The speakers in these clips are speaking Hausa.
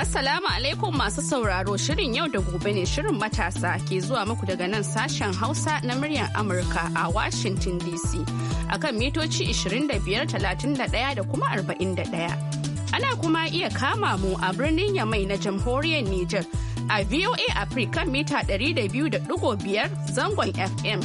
Assalamu alaikum masu sauraro shirin yau da gobe ne shirin matasa ke zuwa muku daga nan sashen Hausa na muryar Amurka a Washington DC akan mitoci 25,31 da kuma 41. Ana kuma iya kama mu a birnin Yamai na jamhuriyar Nijar a VOA Africa mita 200.5 zangon FM.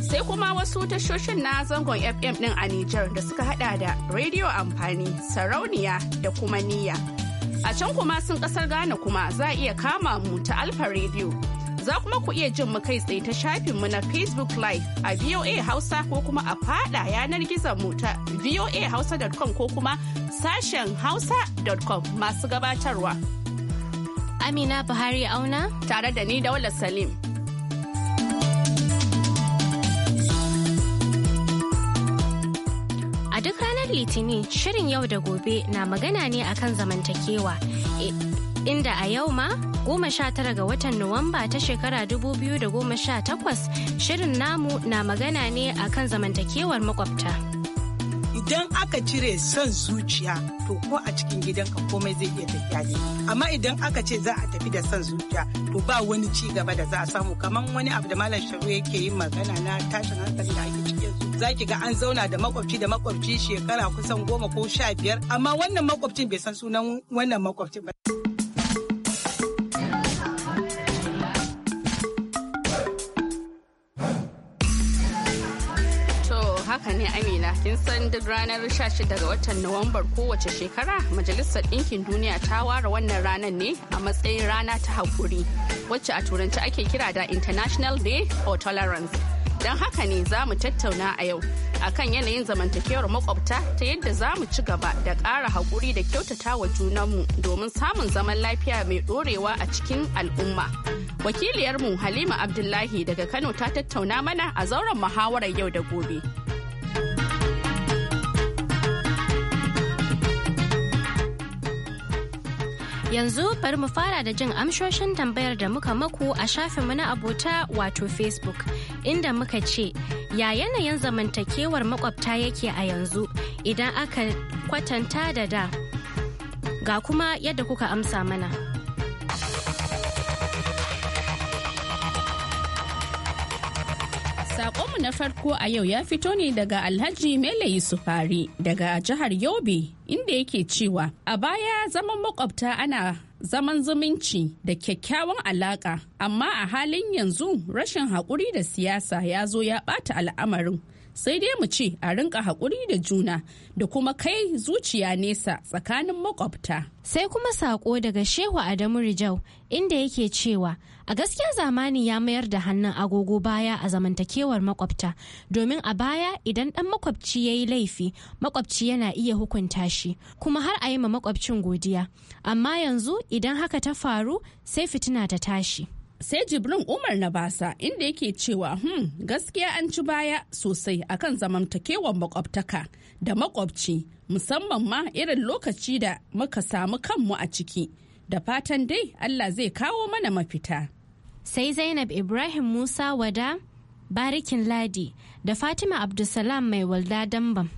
Sai kuma wasu tashoshin na zangon FM din a Nijar da suka hada da Radio Amfani, Sarauniya da kuma Niyya. A can kuma sun kasar Ghana kuma za a iya kama mu ta Alfa Radio. Za kuma ku iya jin mu kai tsaye ta shafin mu na Facebook Live a VOA Hausa ko kuma a fada yanar gizon mu ta voahausa.com ko kuma sashen hausa.com masu gabatarwa. Amina Buhari Auna tare da ni da Daula Salim. ranar Litinin shirin yau da gobe na magana ne akan zamantakewa. Inda a yau ma goma sha tara ga watan Nuwamba ta shekara dubu biyu da sha 2018 shirin namu na magana ne akan zamantakewar makwabta. Idan aka cire son zuciya to ko a cikin gidanka komai zai iya tafiya ne. Amma idan aka ce za a tafi da son zuciya to ba wani ci gaba da za a samu kamar wani abu da malam sharu yake yin magana na tashin hankali da ake za ki ga an zauna da makwabci da makwabci shekara kusan goma ko sha biyar amma wannan makwabcin bai san sunan wannan makwabcin ba. haka ne amina kin san duk ranar 16 ga watan nuwambar kowace shekara majalisar ɗinkin duniya ta ware wannan ranar ne a matsayin rana ta haƙuri wacce a turanci ake kira da international day for tolerance Don haka ne za mu tattauna a yau a kan yanayin zamantakewar makwabta ta yadda za mu ci gaba da ƙara haƙuri da kyautata wa junanmu domin samun zaman lafiya mai ɗorewa a cikin al'umma. Wakiliyarmu Halima Abdullahi daga Kano ta tattauna mana a zauren muhawarar yau da gobe. Yanzu bari mu fara da jin amshoshin tambayar da muka maku a mu na abota wato Facebook inda muka ce ya yanayin zamantakewar makwabta yake a yanzu idan aka kwatanta da da. Ga kuma yadda kuka amsa mana. mu na farko a yau ya fito ne daga Alhaji Mele Yusufari daga jihar Yobe inda yake cewa a baya zaman makwabta ana zaman zumunci da kyakkyawan alaka amma a halin yanzu rashin haƙuri da siyasa ya zo ya ɓata al'amarin sai dai mu ce a rinka haƙuri da juna da kuma kai zuciya nesa tsakanin makwabta. Sai kuma saƙo daga Shehu Adamu Rijau inda yake cewa A gaskiya zamani ya mayar da hannun agogo baya a zamantakewar makwabta, domin a baya idan ɗan makwabci ya yi laifi, makwabci yana iya hukunta shi, kuma har a yi ma makwabcin godiya. Amma yanzu idan haka ta faru sai fitina ta tashi. sai jibrin umar na basa inda yake cewa hmm, gaskiya an ci baya sosai akan zamantakewar makwabtaka da makwabci musamman ma irin lokaci da muka samu kanmu a ciki da fatan dai allah zai kawo mana mafita sai zainab ibrahim musa wada barikin ladi da fatima abdulsalam mai walda dambam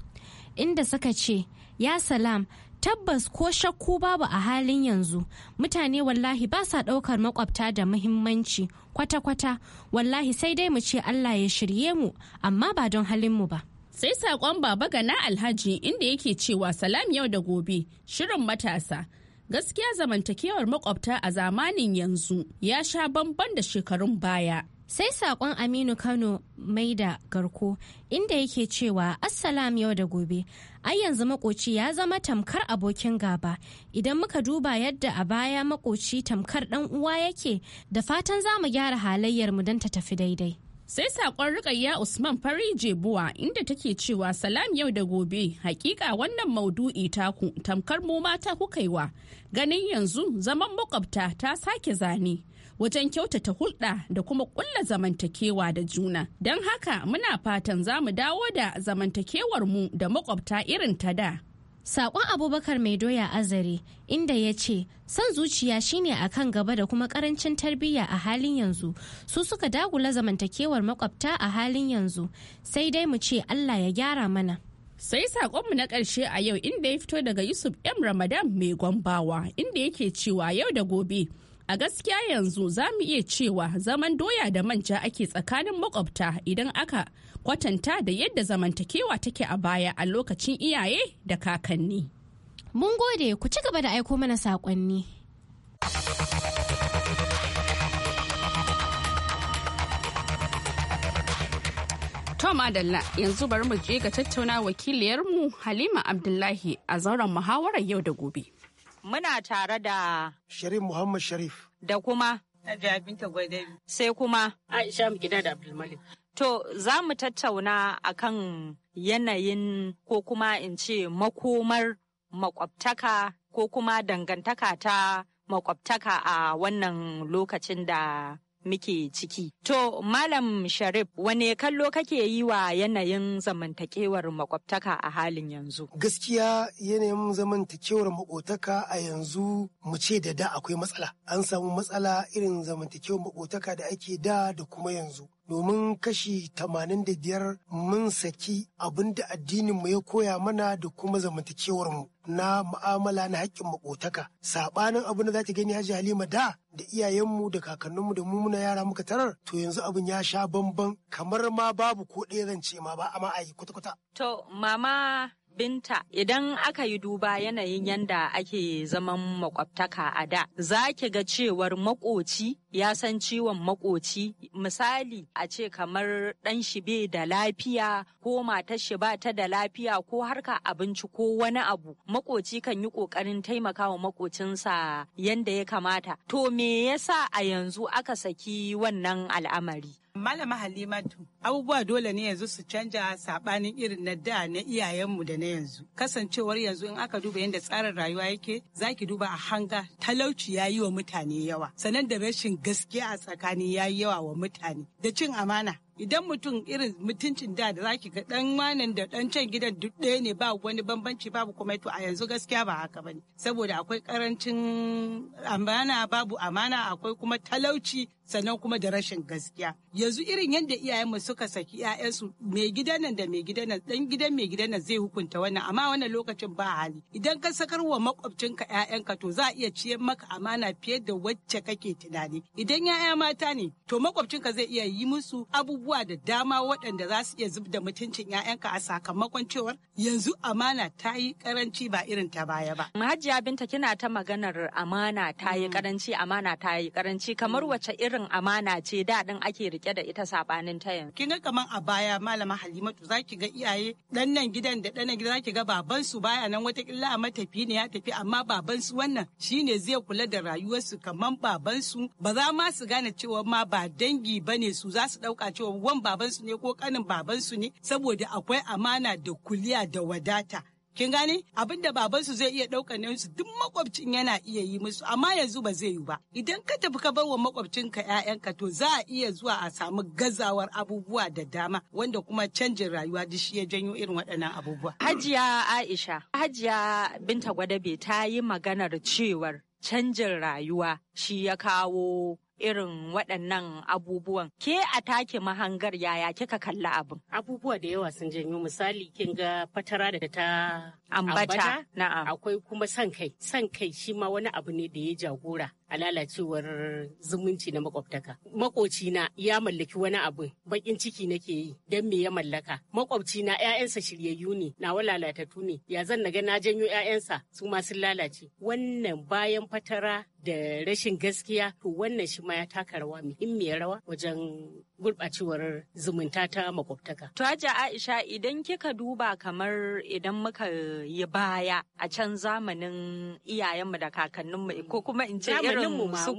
inda suka ce ya salam tabbas ko shakku babu a halin yanzu mutane wallahi ba sa ɗaukar makwabta da muhimmanci kwata-kwata wallahi sai dai mu ce allah ya shirye mu amma ba don halin mu ba sai saƙon baba gana alhaji inda yake cewa salam yau da gobe shirin matasa gaskiya zamantakewar makwabta a zamanin yanzu ya sha bamban da shekarun baya sai saƙon aminu kano mai da garko inda yake cewa assalam yau da gobe ai yanzu makoci ya zama tamkar abokin gaba idan muka duba yadda a baya makoci tamkar dan uwa yake da fatan za mu gyara halayyar mu don ta tafi daidai sai sakon rikayya usman fari jebuwa inda take cewa salam yau da gobe hakika wannan maudu'i taku tamkar mu mata kuka wa ganin yanzu zaman makwabta ta sake zane wajen kyautata hulɗa da kuma ƙulla zamantakewa da juna don haka muna fatan za mu dawo da zamantakewar mu da makwabta irin ta da saƙon Abubakar mai doya azare inda ya ce son zuciya shine a kan gaba da kuma ƙarancin tarbiyya a halin yanzu su suka dagula zamantakewar makwabta a halin yanzu sai dai mu ce Allah ya gyara mana. Sai saƙonmu na ƙarshe a yau inda ya fito daga Yusuf M. Ramadan mai gwambawa inda yake cewa yau da gobe. a gaskiya yanzu za mu iya cewa zaman doya da manja ake tsakanin makwabta idan aka kwatanta da yadda zamantakewa take a baya a lokacin iyaye da kakanni. Mun gode ku ci gaba da aiko mana saƙonni. Tom Adalla yanzu bari mu je ga tattauna wakiliyarmu Halima Abdullahi a zauren muhawarar yau da gobe. Muna tare da Sharif Muhammad Sharif. Da kuma Binta Gwadari. Sai kuma Aisha Mugida da Abdulmalik. To za mu tattauna a kan yanayin ko kuma in ce makomar makwabtaka ko kuma dangantaka ta makwabtaka a wannan lokacin da muke ciki. To, Malam Sharif, wane kallo kake yi wa yanayin zamantakewar makwabtaka a halin yanzu? Gaskiya yanayin zamantakewar makwabtaka a yanzu mu ce da da akwai matsala. An samu matsala irin zamantakewar makwabtaka da ake da da kuma yanzu. domin kashi tamanin da biyar mun saki abin da addininmu ya koya mana da kuma mu na mu'amala na haƙƙin makotaka saɓanin abin da za ta gani hajji halima da da iyayenmu da kakanninmu da mu yara muka tarar to yanzu abin ya sha bamban kamar ma babu ko ɗaya zan ce ma ba amma a yi kwata-kwata. to mama binta idan aka yi duba yanayin yanda ake zaman makwabtaka a da za ki ga cewar makoci ya san ciwon makoci misali a ce kamar ɗan shi bai da lafiya ko matar shi ba ta da lafiya ko harka abinci ko wani abu makoci kan yi ƙoƙarin taimakawa makocinsa yanda ya kamata to me yasa a yanzu aka saki wannan al'amari Malama Halimatu, abubuwa dole ne yanzu su canja sabanin irin na da na iyayenmu da na yanzu. Kasancewar yanzu in aka duba yadda tsarin rayuwa yake, za ki duba a hanga talauci ya yi wa mutane yawa. Sannan da rashin gaskiya a tsakani ya yi yawa wa mutane. Da cin amana idan mutum irin mutuncin da da zaki ga dan manan da dan can gidan duk ɗaya ne ba wani bambanci babu komai to a yanzu gaskiya ba haka bane saboda akwai karancin amana babu amana akwai kuma talauci sannan kuma da rashin gaskiya yanzu irin yadda iyayenmu suka saki 'ya'yansu mai gidan nan da mai gidan nan dan gidan mai gidan nan zai hukunta wannan amma wannan lokacin ba hali idan ka sakar wa makwabcinka 'ya'yanka to za a iya ciyar maka amana fiye da wacce kake tunani idan 'ya'ya mata ne to makwabcinka zai iya yi musu abubuwa abubuwa da dama waɗanda za su iya zub da mutuncin 'ya'yanka a sakamakon cewar yanzu amana ta yi karanci ba irin ta baya ba. mahajiya mm, Binta kina ta maganar amana ta yi karanci mm. amana ta yi karanci kamar mm. wace irin amana ce daɗin ake rike da ita sabanin ta yanzu. Kin ga kaman a baya malama Halimatu za ki ga iyaye ɗan nan gidan da ɗan nan gidan za ki ga baban su baya nan watakila a matafi ne ya tafi amma baban su wannan shine zai kula da rayuwarsu Kamar baban su ba za ma su gane cewa ma ba dangi bane su za su ɗauka cewa wan babansu ne ko kanin babansu ne saboda akwai amana da kuliya da wadata kin gane abin da babansu zai iya ɗaukar nauyinsu duk makwabcin yana iya yi musu amma yanzu ba zai yi ba idan ka tafi ka barwa makwabcinka ƴaƴanka to za a iya zuwa a samu gazawar abubuwa da dama wanda kuma canjin rayuwa duk shi ya janyo irin waɗannan abubuwa hajiya aisha hajiya binta gwadabe ta yi maganar cewar canjin rayuwa shi ya kawo irin waɗannan abubuwan ke a take mahangar yaya kika kalli abin abubuwa da yawa sun janyo misali kin ga fatara da ta ambata na'am akwai kuma san kai san kai shi ma wani abu ne da ya jagora a lalacewar zumunci na makwabtaka na ya mallaki wani abu bakin ciki nake yi dan me ya mallaka na ƴaƴansa shiryayyu ne na walalatatu ne ya zan naga na janyo ƴaƴansa su ma sun lalace wannan bayan fatara da rashin gaskiya to wannan shi ma ya taka rawa muhimmiyar rawa wajen gurɓacewar zumunta ta makwabtaka to Aisha idan kika duba kamar idan muka yi baya a can zamanin iyayenmu da kakanninmu ko kuma in ce irin su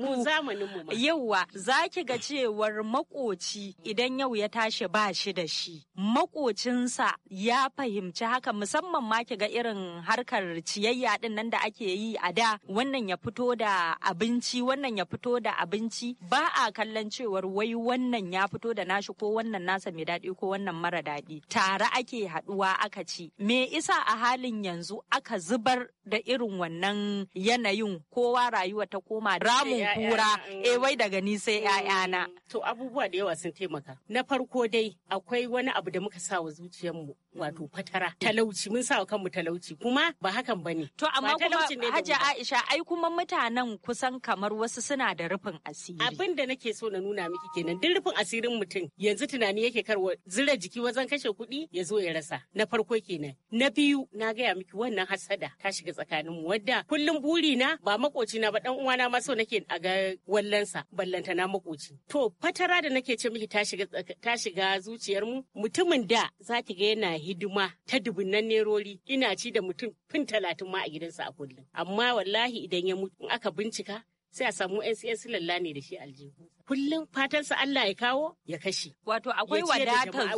yauwa za ki ga cewar makoci idan yau ya tashi ba shi da shi makocinsa ya fahimci haka musamman ma ki ga irin harkar ciyayya din nan da ake yi a da wannan ya fito da abinci wannan ya fito da abinci ba a kallon cewar wai wannan ya fito da nashi ko wannan nasa mai daɗi ko wannan mara daɗi tare ake haɗuwa aka ci me isa a halin irin yanzu aka zubar da irin wannan yanayin kowa rayuwa ta koma ramun kura e wai daga ni sai na. Mm. to abubuwa da yawa sun taimaka na farko dai akwai wani abu da muka sa wa zuciyarmu wato fatara mm. talauci mun sa wa kanmu talauci kuma ba hakan bane to amma kuma Hajji Aisha ai kuma mutanen kusan kamar wasu suna da rufin asiri abin da nake so na nuna miki kenan duk rufin asirin mutum yanzu tunani yake karwa zira jiki wajen kashe kuɗi ya zo ya rasa na farko kenan na biyu na gaya miki wannan hasada ta shiga tsakanin mu wadda kullum buri na ba makoci na ba dan uwana ma so nake a ga wallansa ballanta na makoci to fatara da nake ce miki ta shiga ta shiga zuciyar mu mutumin da zaki ga yana hidima ta dubunnan nerori ina ci da mutum fin talatin ma a gidansa a kullum amma wallahi idan ya mutu aka bincika sai a samu NCS lalla ne da shi aljihu kullum fatansa Allah ya kawo ya kashe. Wato akwai wadatar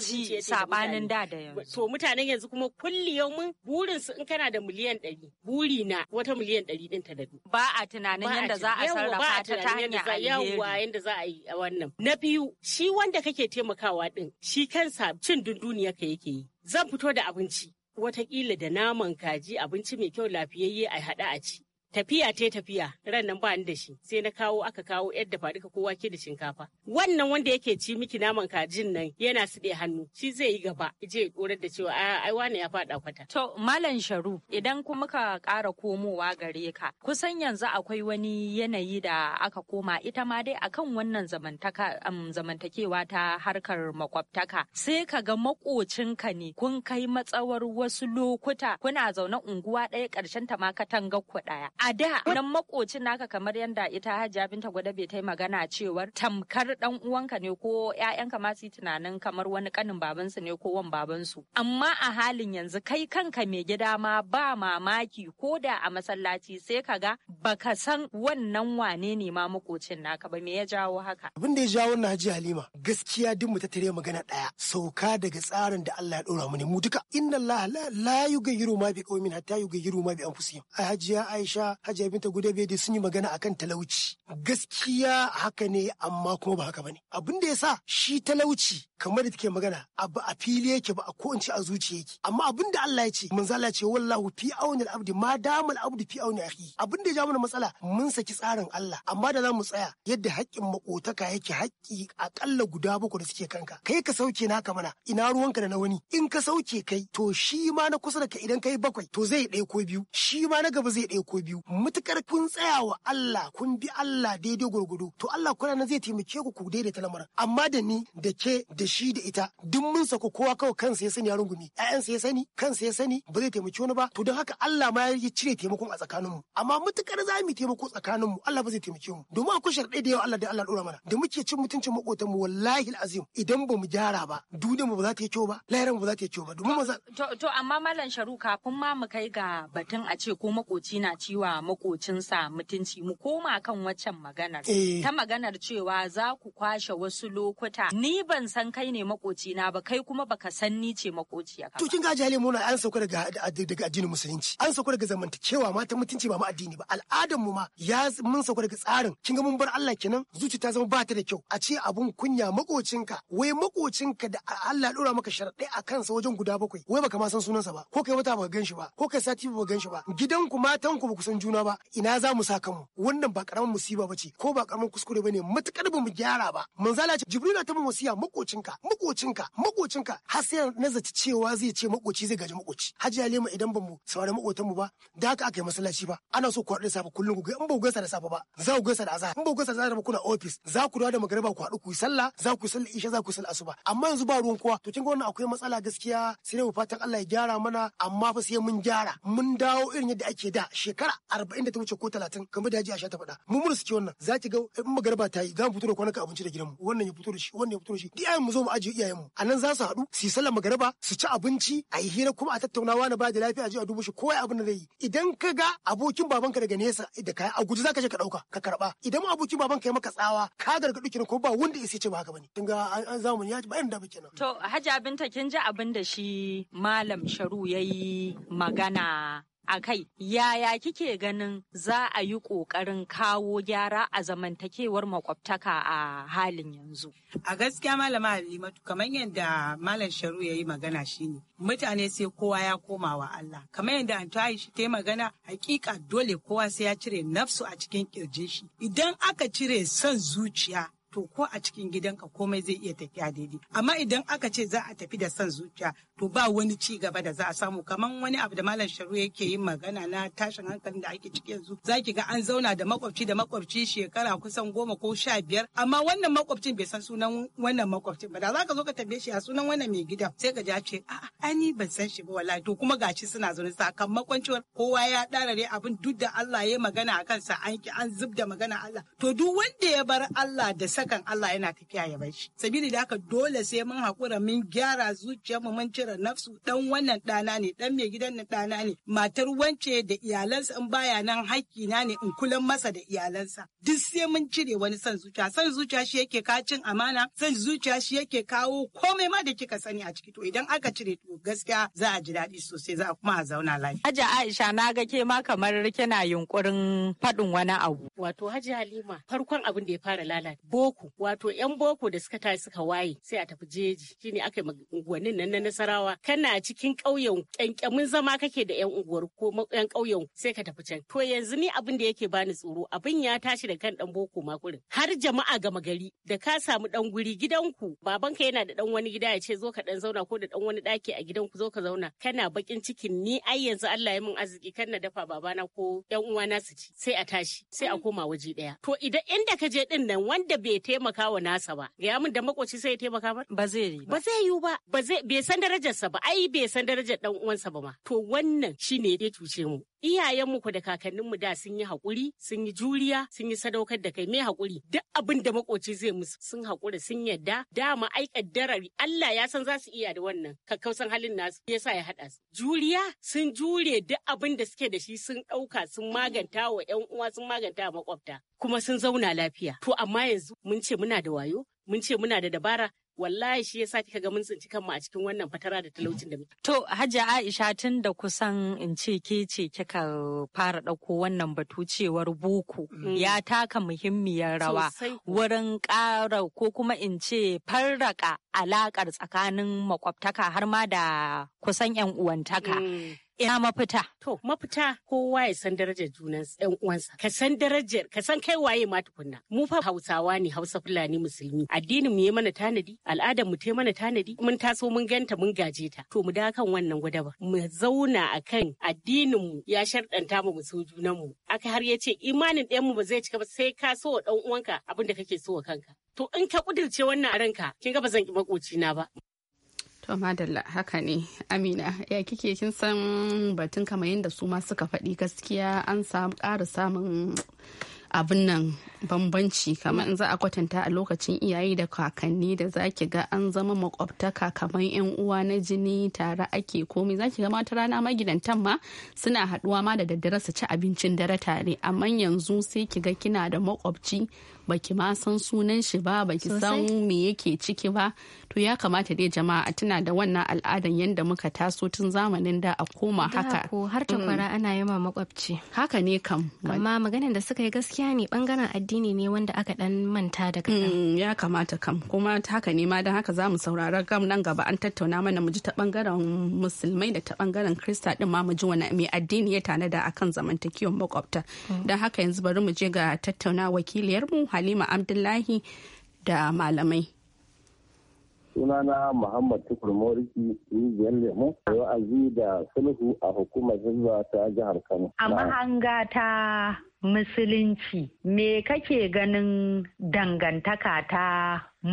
zuci sabanin da da yanzu. To mutanen yanzu kuma kulli yaumin burin su in kana da miliyan ɗari buri na wata miliyan ɗari ɗin ta da Ba a tunanin yadda za a sarrafa ta ta hanyar alheri. Yawwa yadda za a yi a wannan. Na biyu shi wanda kake taimakawa ɗin shi kansa cin dunduniyar ka yake yi. Zan fito da abinci. Wataƙila da naman kaji abinci mai kyau lafiyayye a haɗa a ci. tafiya ta tafiya ran nan ba ni da shi sai na kawo aka kawo yadda fadi duka kowa ke da shinkafa wannan wanda yake ci miki naman kajin nan yana ɗe hannu shi zai yi gaba je ya korar da cewa ai wani ya faɗa kwata to malam sharu idan kuma ka ƙara komowa gare ka kusan yanzu akwai wani yanayi da aka koma ita ma dai akan wannan zamantaka zamantakewa ta harkar makwabtaka sai ka ga ka ne kun kai matsawar wasu lokuta kuna zaune unguwa ɗaya ƙarshen ta ma katanga ku ɗaya a da nan makocin naka kamar yadda ita Hajiya Binta Gwada bai ta magana cewar tamkar dan uwanka ne ko ƴaƴanka ma su tunanin kamar wani kanin babansu ne ko wan babansu amma a halin yanzu kai kanka mai gida ma ba mamaki ko da a masallaci sai ka ga baka san wannan wane ne ma makocin naka ba me ya jawo haka abin da ya jawo wannan Hajiya Halima gaskiya duk mu ta tare magana daya sauka daga tsarin da Allah ya dora mu ne mu duka inna Allah la yughayyiru ma bi qaumin hatta yughayyiru ma bi anfusihim Hajiya Aisha magana hajiya binta gudabe da sun yi magana akan talauci gaskiya haka ne amma kuma ba haka bane abin da ya sa shi talauci kamar da take magana a ba a fili yake ba a ko in ce a zuci yake amma abin da Allah ya ce manzo Allah ce wallahu fi auni al-abdi ma dama al-abdi fi auni akhi abin da ya ja mana matsala mun saki tsarin Allah amma da za mu tsaya yadda haƙƙin makotaka yake haƙƙi aƙalla guda bakwai da suke kanka kai ka sauke naka mana ina ruwanka da na wani in ka sauke kai to shi ma na kusa da ka idan kai bakwai to zai ɗaya ko biyu shi ma na gaba zai ɗaya ko biyu biyu mutukar kun tsaya wa Allah kun bi Allah daidai gurgudu to Allah kuna nan zai taimake ku ku daidaita lamarin amma da ni da ke da shi da ita duk mun sako kowa kawai kansa ya sani ya rungumi ƴaƴansa ya sani kansa ya sani ba zai taimaki ni ba to don haka Allah ma ya cire taimakon a tsakanin mu. amma mutukar za mu taimako tsakanin mu. Allah ba zai taimake mu domin akwai sharɗai da yawa Allah da Allah dora mana da muke cin mutuncin mu wallahi azim idan ba mu gyara ba duniyar mu ba za ta yi kyau ba lahirar ba za ta yi kyau ba domin to amma malam sharu kafin ma mu kai ga batun a ce ko makoci na ciwa wa makocinsa mutunci mu koma kan waccan maganar eh. ta maganar cewa za ku kwashe wasu lokuta ni ban san kai ne makocina ba kai kuma baka san ni ce makociya ka to kin gaji hali muna an sauka daga daga addinin musulunci an sauka daga zamantakewa ma ta mutunci ba ma addini ba al'adar mu ma ya mun sauka daga tsarin kin ga mun bar Allah kenan zuci ta zama ba ta da kyau a ce abun kunya makocinka wai makocinka da Allah dora maka sharaɗai a kansa wajen guda bakwai wai baka ma san sunansa ba ko kai wata ba gan shi ba ko kai sati baka gan shi ba matan ku ba ku san juna ba ina za mu saka mu wannan ba karamin musiba ba ce ko ba karamin kuskure ba ne matukar ba mu gyara ba manzala ce jibrila ta mun wasiya makocinka makocinka makocinka har sai nazarci cewa zai ce makoci zai gaji makoci hajji lema idan ba mu saurari makotanmu ba da haka aka yi masallaci ba ana so ku da safe kullum ku in ba ku gasa da safe ba za ku gasa da azahar in ba ku gasa da azahar ba kuna ofis za ku dawo da magariba ku haɗu ku yi sallah za ku yi sallah isha za ku yi sallah asuba amma yanzu ba ruwan kowa to kin ga wannan akwai matsala gaskiya sai mu fatan Allah ya gyara mana amma fa sai mun gyara mun dawo irin yadda ake da shekara arba'in da ta wuce ko talatin kamar da haji a sha ta faɗa mu mun suke wannan za ki ga in magarba ta yi za mu fito da kwanaka abinci da gidanmu wannan ya fito da shi wannan ya fito da shi iyayen mu zo mu ajiye iyayen mu a nan za su haɗu su yi sallar magaraba su ci abinci a yi hira kuma a tattaunawa na ba da lafiya a je a dubu shi ko ya abin da zai yi idan ka ga abokin babanka daga nesa da kaya a guji za ka je ka ɗauka ka karɓa idan abokin babanka ya maka tsawa ka gargaɗi kenan ko ba wanda ya ce ba haka bane ne. ga an zamani ya ba irin da kenan to hajja binta kin ji abin da shi malam sharu yayi magana a kai yaya kike ganin za a yi ƙoƙarin kawo gyara a zamantakewar makwabtaka a halin yanzu? A gaskiya malama Halimatu kamar yadda malam Sharu ya yi magana shine mutane sai kowa ya koma wa Allah kamar yadda Antayi shi ta yi magana hakika dole kowa sai ya cire nafsu a cikin kirjin shi idan aka cire son zuciya to ko a cikin gidanka komai zai iya tafiya daidai amma idan aka ce za a tafi da son zuciya to ba wani ci gaba da za a samu kamar wani abu da malam sharu yake yin magana na tashin hankalin da ake ciki yanzu Za ki ga an zauna da makwabci da makwabci shekara kusan goma ko sha biyar amma wannan makwabcin bai san sunan wannan makwabcin ba da za ka zo ka tambaye shi a sunan wannan mai gida sai ka ja ce a'a ani ban san shi ba wallahi to kuma gashi suna zaune sakamakon cewa kowa ya ne abin duk da Allah ya magana a kansa an ki an zub da magana Allah to duk wanda ya bar Allah da hakan Allah yana tafiya ya bar shi sabili da haka dole sai mun haƙura mun gyara mu mun cire nafsu dan wannan ɗana ne dan mai gidan nan ɗana ne matar wance da iyalansa in baya nan haƙƙi na ne in kula masa da iyalansa duk sai mun cire wani san zuciya san zuciya shi yake kacin amana san zuciya shi yake kawo komai ma da kika sani a ciki to idan aka cire to gaskiya za a ji daɗi sosai za a kuma a zauna lafiya. Aisha na ga ke ma kamar kina yunkurin faɗin wani abu. Wato Haji Halima farkon abin da ya fara lalata boko wato yan boko da suka tashi suka waye sai a tafi jeji shine aka yi unguwannin nan na nasarawa kana cikin ƙauyen kyankyamin zama kake da yan unguwar ko yan ƙauyen sai ka tafi can to yanzu ni abin da yake bani tsoro abin ya tashi da kan dan boko makurin har jama'a gama gari da ka samu dan guri gidanku babanka yana da dan wani gida ya ce zo ka dan zauna ko da dan wani daki a gidanku zo ka zauna kana bakin cikin ni ai yanzu Allah ya min arziki kana na dafa babana ko yan uwana su ci sai a tashi sai a mm. koma waje daya to idan inda ka je din nan wanda bai bai taimaka wa nasa ba ya mun da makoci sai ya taimaka ba ba zai yi ba zai yi ba ba zai bai san darajarsa ba ai bai san darajar dan uwansa ba ma to wannan shine ya cuce mu iyayenmu ku da kakanninmu da sun yi hakuri, sun yi juriya sun yi sadaukar da kai mai hakuri. duk abin da makoci zai musu sun haƙura sun yadda dama ai Allah ya san za su iya da wannan kakkausan halin nasu yasa ya haɗa su juriya sun jure duk abin da suke da shi sun ɗauka sun maganta wa ƴan uwa sun maganta wa makwabta kuma sun zauna lafiya to amma yanzu mun ce muna da wayo mun ce muna da dabara wallahi shi yasa kika ga mun tsinci kanmu a cikin wannan fatara da talaucin da muke. To hajja Aisha tun da kusan in ce ke ce kika fara ɗauko wannan batu cewar boko mm. ya taka muhimmiyar rawa wurin ƙara ko kuma in ce farraka alaƙar tsakanin makwabtaka har ma da kusan 'yan uwantaka. Mm. ina mafita. To mafita kowa ya san darajar junan ɗan uwansa. Ka san darajar ka san kai waye ma tukunna. Mu fa Hausawa ne Hausa Fulani Musulmi. Addinin mu ya mana tanadi, al'adar mu ta mana tanadi, mun taso mun ganta mun gaje ta. To mu da kan wannan ba. Mu zauna akan addinin mu ya sharɗanta mu so junan mu. Aka har ya ce imanin ɗayan mu ba zai cika ba sai ka so wa ɗan uwanka abin da kake so wa kanka. To in ka kudirce wannan a ranka, kin ga ba zan ki na ba. To madalla haka ne Amina ya kike kin san batun kamar yadda su ma suka faɗi gaskiya an samu ƙara samun abin nan bambanci kamar in za a kwatanta a lokacin iyaye da kakanni da za ki ga an zama makwabtaka kamar yan uwa na jini tare ake komai za ki ga mata rana magidantan ma suna haɗuwa ma da daddare su ci abincin dare tare amma yanzu sai ki ga kina da makwabci baki ma san sunan shi ba baki san me yake ciki ba to ya kamata dai jama'a a tuna da wannan al'adan yanda muka taso tun zamanin da a koma haka ko har takwara mm. ana yi ma makwabci haka ne kam amma maganar da suka yi gaskiya ne bangaren addini ne wanda aka dan manta da kaɗan mm, ya kamata kam kuma haka ne ma don haka za mu saurara gam nan gaba an tattauna mana mu ji ta bangaren musulmai da ta bangaren krista din ma mu ji wani mai addini ya da akan zamantakewa makwabta mm. don haka yanzu bari mu je ga tattauna wakiliyarmu halima abdullahi da malamai sunana muhammad tukur moriki rijiyar lemo wa'azi da sulhu a hukumar hizba ta jihar kano a mahanga ta musulunci me kake ganin dangantaka ta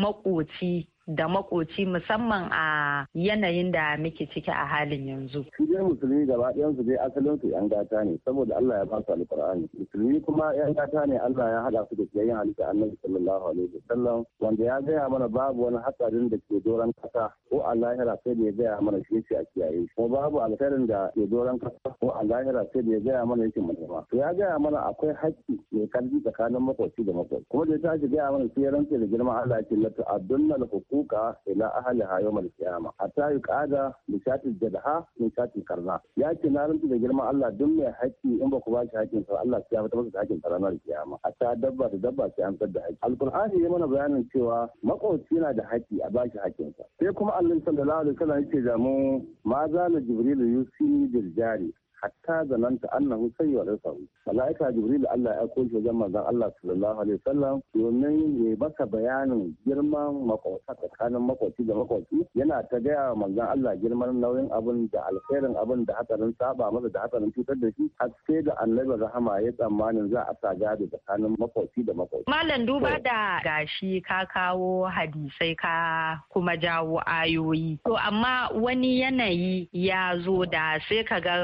makoci da makoci musamman a yanayin da muke ciki a halin yanzu. Kuje musulmi gaba ɗayansu dai asalin su yan gata ne saboda Allah ya basu su alƙur'ani. Musulmi kuma yan gata ne Allah ya haɗa su da siyayyen halitta annabi sallallahu alaihi wa sallam. wanda ya gaya mana babu wani hatsarin da ke doron kasa ko a lahira sai da ya gaya mana shi ce a kiyaye. Kuma babu alkhairin da ke doron kasa ko a lahira sai da ya gaya mana yake manema. To ya gaya mana akwai haƙƙi mai kalli tsakanin makoci da makoci. Kuma da ya tashi gaya mana sai ya rantse da girman Allah ya ce la ta'addunna al suka ila ahliha yawm kiyama qiyama hatta yuqada bi shatil jadha min karna ya ce na rantsu da girman Allah duk mai haƙƙi in ba ku ba shi haƙƙin sa Allah ya fitar masa da haƙƙin ranar kiyama hatta dabba da dabba sai an da haƙƙi alqur'ani ya mana bayanin cewa makwabci yana da haƙƙi a bashi haƙƙin sa sai kuma Allah sallallahu alaihi wasallam yake da mu maza na jibril yusini bil hatta zananta annahu sai alaihi salam malaika jibril Allah ya koyi wajen manzon Allah sallallahu alaihi wasallam domin ya baka bayanin girman makwabta tsakanin makwabci da makwabci yana ta gaya manzon Allah girman nauyin abin da alkhairin abin da hatsarin saba masa da hatsarin cutar da shi har sai da annabi rahama ya tsammanin za a sa gado tsakanin makwabci da makwabci malam duba da gashi ka kawo hadisai ka kuma jawo ayoyi to amma wani yanayi ya zo da sai ka ga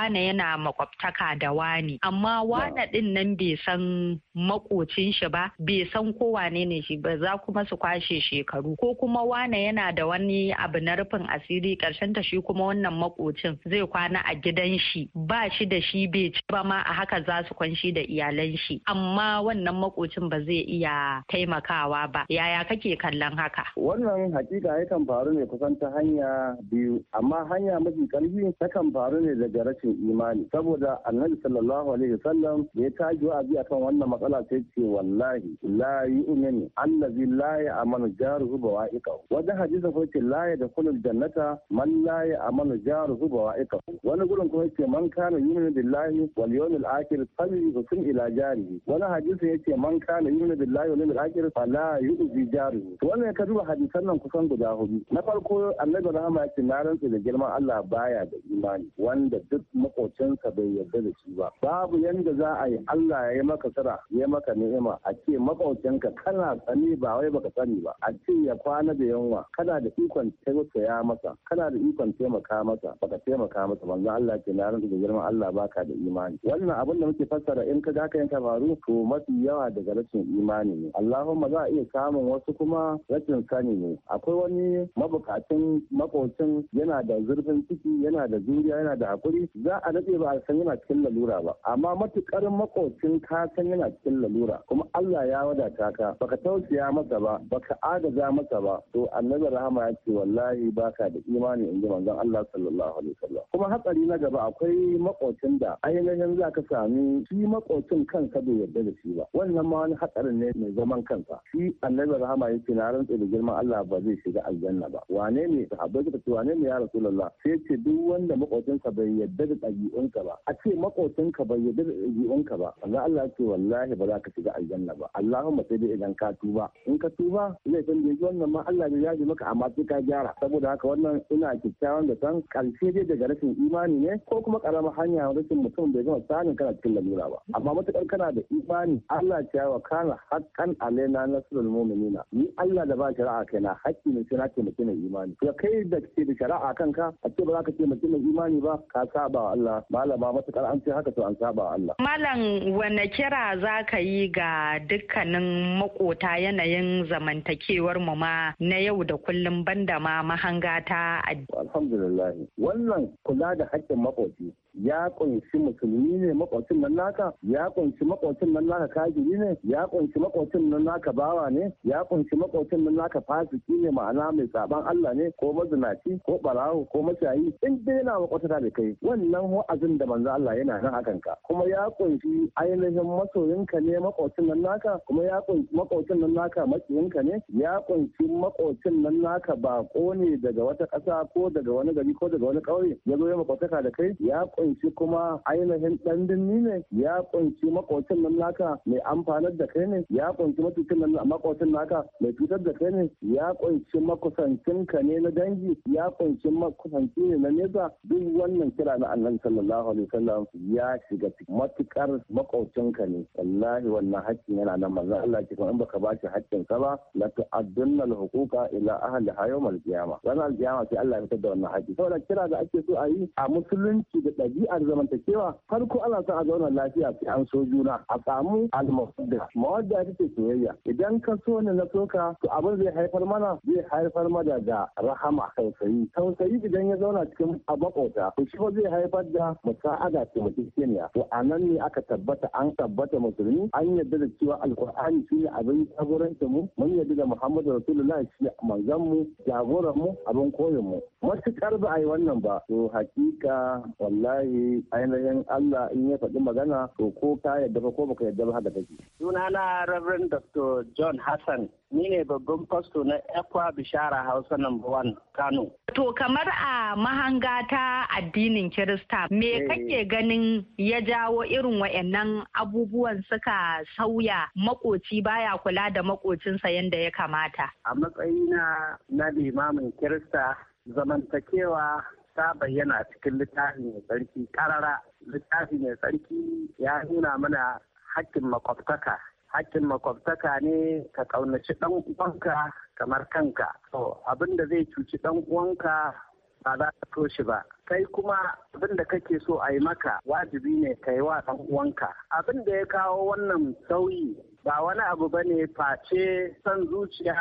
wane yana makwabtaka da wane amma wane din nan bai san makocin shi ba bai san ko wane ne shi ba za kuma su kwashe shekaru ko kuma wane yana da wani abu na rufin asiri karshen ta shi kuma wannan makocin zai kwana a gidan shi ba shi da shi bai ci ba ma a haka za su kwanshi da iyalan shi amma wannan makocin ba zai iya taimakawa ba yaya kake kallon haka wannan hakika yakan faru ne kusan ta hanya biyu amma hanya mafi karfi kan faru ne daga rashin rashin imani saboda annabi sallallahu alaihi wasallam da ya taji wa'azi akan wannan matsala sai ce wallahi la yu'minu allazi la ya'manu jaruhu bawa'iqa wajen hadisi ko ce la ya yadkhulul jannata man la ya'manu jaruhu bawa'iqa wani gurin ko ce man kana yu'minu billahi wal yawmil akhir falyusin ila jarihi wani hadisin yace man kana yu'minu billahi wal yawmil akhir fala yu'zi jarihi to wannan ka duba hadisan nan kusan guda hudu na farko annabi rahama yace na rantsa da girman Allah baya da imani wanda duk makocinka bai yarda da shi ba babu yanda za a yi Allah ya yi maka sara ya maka ni'ima a ce makocinka kana tsani ba wai baka sani ba a ce ya kwana da yunwa kana da ikon taimaka masa kana da ikon taimaka masa baka taimaka masa manzo Allah ke na da girman Allah baka da imani wannan abin da muke fassara in ka ga ka yanka faru to mafi yawa daga rashin imani ne Allahumma za a iya samun wasu kuma rashin sani ne akwai wani mabukacin makocin yana da zurfin ciki yana da juriya yana da hakuri za a daɗe ba a san yana cikin lalura ba amma matukar makocin ka san yana cikin lalura kuma Allah ya wadata ka baka tausaya masa ba baka agaza masa ba to annabi rahama ya ce wallahi baka da imani inji manzon Allah sallallahu alaihi wasallam kuma hatsari na gaba akwai makocin da ainihin za ka sami shi makocin kansa bai yarda da shi ba wannan ma wani hatsarin ne mai zaman kansa shi annabi rahama ya ce na rantsa da girman Allah ba zai shiga aljanna ba wane ne sahabbai suka ce wane ne ya rasulullah sai ce duk wanda makocinsa bai yarda da ɗabi'unka ba a ce makocinka bai yarda da ɗabi'unka ba Allah Allah ce wallahi ba za ka shiga aljanna ba Allahumma sai dai idan ka tuba in ka tuba zai san da wannan ma Allah ya yaji maka amma sai ka gyara saboda haka wannan ina kyakkyawan da san karshe dai daga rashin imani ne ko kuma karamar hanya rashin mutum bai gama sanin kana cikin lalura ba amma matukar kana da imani Allah ce wa kana haqqan alaina nasrul mu'minina ni Allah da ba shari'a kaina haƙƙi ne sai na ce mutum imani to kai da ke da shari'a kanka a ce ba za ka ce mutum imani ba ka saba saba Allah malama matukar an ce haka to an saba Allah malam wane kira za ka yi ga dukkanin makota yanayin zamantakewar mu ma na yau da kullum banda ma mahanga ta alhamdulillah wannan kula da haƙƙin makoci ya kunshi musulmi ne makwacin nan naka ya kunshi makwacin nan naka kajiri ne ya kunshi makwacin nan naka bawa ne ya kunshi makwacin nan naka fasiki ne ma'ana mai saban Allah ne ko mazinaci ko barawo ko mashayi in dai yana makwatata da kai wannan wa'azin da manzo Allah yana nan akan ka kuma ya kunshi ainihin masoyin ka ne makwacin nan naka kuma ya kunshi makwacin nan naka ka ne ya kunshi makwacin nan naka bako ne daga wata ƙasa ko daga wani gari ko daga wani ƙauye ya zo ya makwataka da kai ya kunshi kunshi kuma ainihin dan dinni ne ya kunshi makocin nan naka mai amfanar da kai ne ya kunshi matukin nan makocin naka mai cutar da kai ne ya kunshi makusancin ka ne na dangi ya kunshi makusanci ne na nesa duk wannan kira na annan sallallahu alaihi wasallam ya shiga matukar makocin ka ne wallahi wannan hakkin yana nan manzo Allah ce in baka ba shi hakkin ka ba la tu'addunna al-huquqa ila ahli yawm al-qiyamah ranar al-qiyamah sai Allah ya fitar da wannan hakki saboda kira da ake so a yi a musulunci da ɗabi'ar zamantakewa ko ana son a zauna lafiya sai an so juna a samu almawadda mawadda ita ce soyayya idan ka so ne na ka to abin zai haifar mana zai haifar mana da rahama tausayi tausayi idan ya zauna cikin abakota to shi zai haifar da musa'ada ce mutukeniya to a nan ne aka tabbata an tabbata musulmi an yadda da cewa alkur'ani ne abin jagoranta mu mun yadda da muhammadu rasulullahi shi manzon mu jagoran mu abin koyon mu matukar ba a yi wannan ba to hakika wallahi lillahi ainihin Allah in ya faɗi magana to ko ka yadda ba ko baka yadda ba haka take. Sunana Reverend Dr. John Hassan ni ne babban fasto na Ekwa Bishara Hausa number one Kano. To kamar a mahanga ta addinin Kirista me eh. kake ganin ya jawo irin wa'annan abubuwan suka sauya makoci baya kula da makocinsa yadda ya kamata. A matsayina na limamin Kirista zamantakewa ta bayyana cikin littafi mai tsarki karara littafi mai tsarki ya nuna mana hakkin makwabtaka hakkin makwabtaka ne ka ƙaunaci ɗan uwanka kamar kanka to abin da zai cuci ɗan uwanka ba za ka toshi ba kai kuma abin da kake so a yi maka wajibi ne ka yi wa ɗan uwanka abin da ya kawo wannan sauyi ba wani abu bane face son zuciya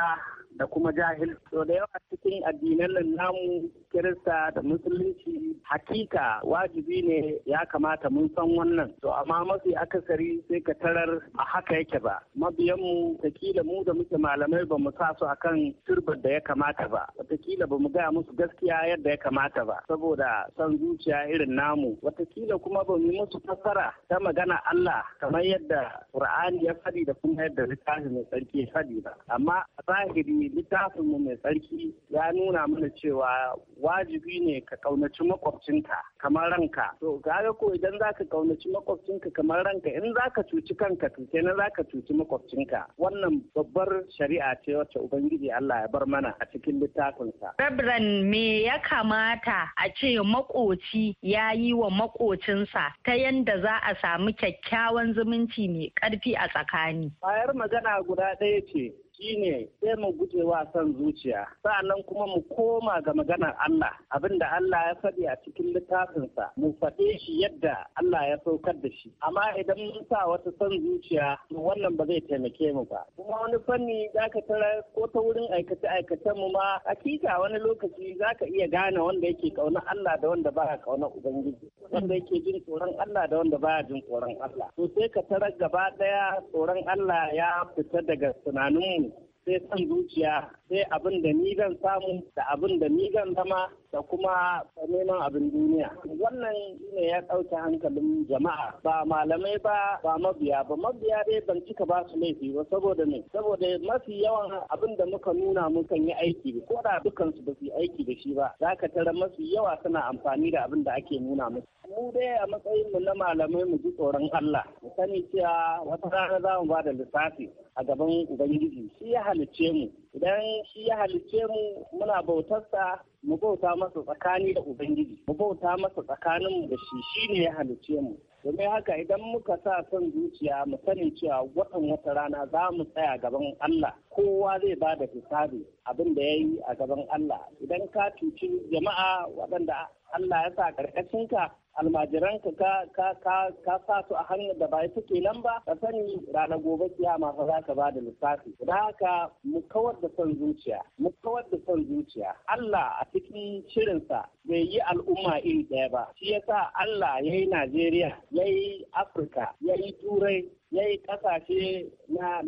da kuma jahil. So da yawa cikin addinan nan namu Kirista da Musulunci hakika wajibi ne ya kamata mun san wannan. To amma mafi akasari sai ka tarar a haka yake ba. Mabiyanmu takila mu da muke malamai ba mu sa su kan turbar da ya kamata ba. Watakila ba mu gaya musu gaskiya yadda ya kamata ba. Saboda son zuciya irin namu. Watakila kuma ba mu musu fassara ta magana Allah kamar yadda Qur'ani ya faɗi da kuma yadda littafi mai tsarki ya faɗi ba. Amma a zahiri littafin littafinmu mai tsarki ya nuna mana cewa wajibi ne ka kaunaci makwabcinka kamar ranka to ga ko idan ka kaunaci makwabcinka kamar ranka in ka cuci kanka to kenan zaka cuci makwabcinka wannan babbar shari'a ce wacce ubangiji Allah ya bar mana a cikin littafinsa Rabran me ya kamata a ce makoci ya yi wa makocinsa ta yanda za a samu kyakkyawan zumunci mai karfi a tsakani bayar magana guda ɗaya ce Shi ne sai mu guje wa son zuciya sa'annan kuma mu koma ga maganar Allah abinda Allah ya faɗi a cikin littafinsa mu faɗe shi yadda Allah ya saukar da shi amma idan mun sa wata son zuciya wannan ba zai taimake mu ba kuma wani fanni zaka tara ko ta wurin aikace aikacen mu ma hakika wani lokaci zaka iya gane wanda yake kauna Allah da wanda ba kauna ubangiji wanda yake jin tsoron Allah da wanda baya jin tsoron Allah to sai ka tara gaba daya tsoron Allah ya fita daga tunanin mu sai son zuciya sai abin da ni zan samu da abin da ni zan zama da kuma neman abin duniya wannan ne ya ɗauke hankalin jama'a ba malamai ba ba mabiya ba mabiya dai ban cika ba su laifi ba saboda me saboda mafi yawan abin da muka nuna mukan yi aiki ko da dukkan su ba su yi aiki da shi ba za ka tara mafi yawa suna amfani da abin da ake nuna musu mu dai a matsayin mu na malamai mu ji tsoron Allah mu sani cewa wata rana za mu ba da lissafi a gaban ubangiji shi ya halicce mu Idan shi ya halicce mu muna bautarsa mu bauta masa tsakani da Ubangiji, mu bauta masa tsakanin mu da shi shi ne ya halicce mu. domin haka idan muka sa son zuciya mu sani cewa watan wata rana za mu tsaya gaban Allah kowa zai ba da hisabi abin da ya yi a gaban Allah idan ka cuci jama'a waɗanda Allah ya sa karkashinka ka ka ka ka sa su a hanyar da ba suke nan ba ka sani rana gobe kiyama fa za ka bada lissafi da haka mu kawar da son zuciya mu kawar da son zuciya Allah a cikin shirinsa bai yi al'umma iri ɗaya ba shi yasa Allah ya yi Najeriya ya yi Afirka ya yi Turai ya yi ƙasashe na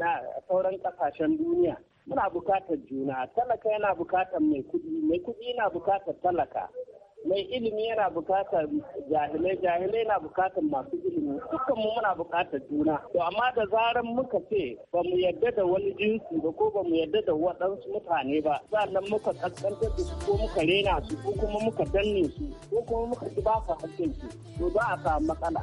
sauran ƙasashen duniya muna bukatar juna talaka yana bukatar mai kuɗi mai kuɗi yana bukatar talaka mai ilimi yana bukatar jahilai jahilai na bukatar masu ilimi dukkan mu muna bukatar juna to amma da zaran muka ce ba mu yarda da wani jinsi ba ko ba mu yarda da waɗansu mutane ba sannan muka kaskantar da su ko muka rena su ko kuma muka danne su ko kuma muka ci ba su hakkin su to za a samu matsala.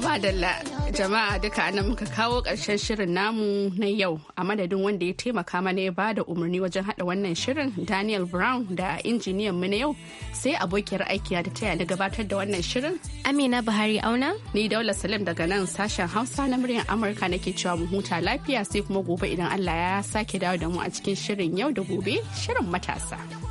da jama'a duka nan muka kawo ƙarshen shirin namu na yau a madadin wanda ya taimaka mana ya bada umarni wajen hada wannan shirin Daniel Brown da injiniyan mu na yau sai abokiyar aiki da taya da gabatar da wannan shirin. Amina Buhari auna. Ni Daula Salim daga nan sashen Hausa na muryar Amurka nake cewa mu huta lafiya sai kuma gobe idan Allah ya sake dawo da mu a cikin shirin yau da gobe shirin matasa.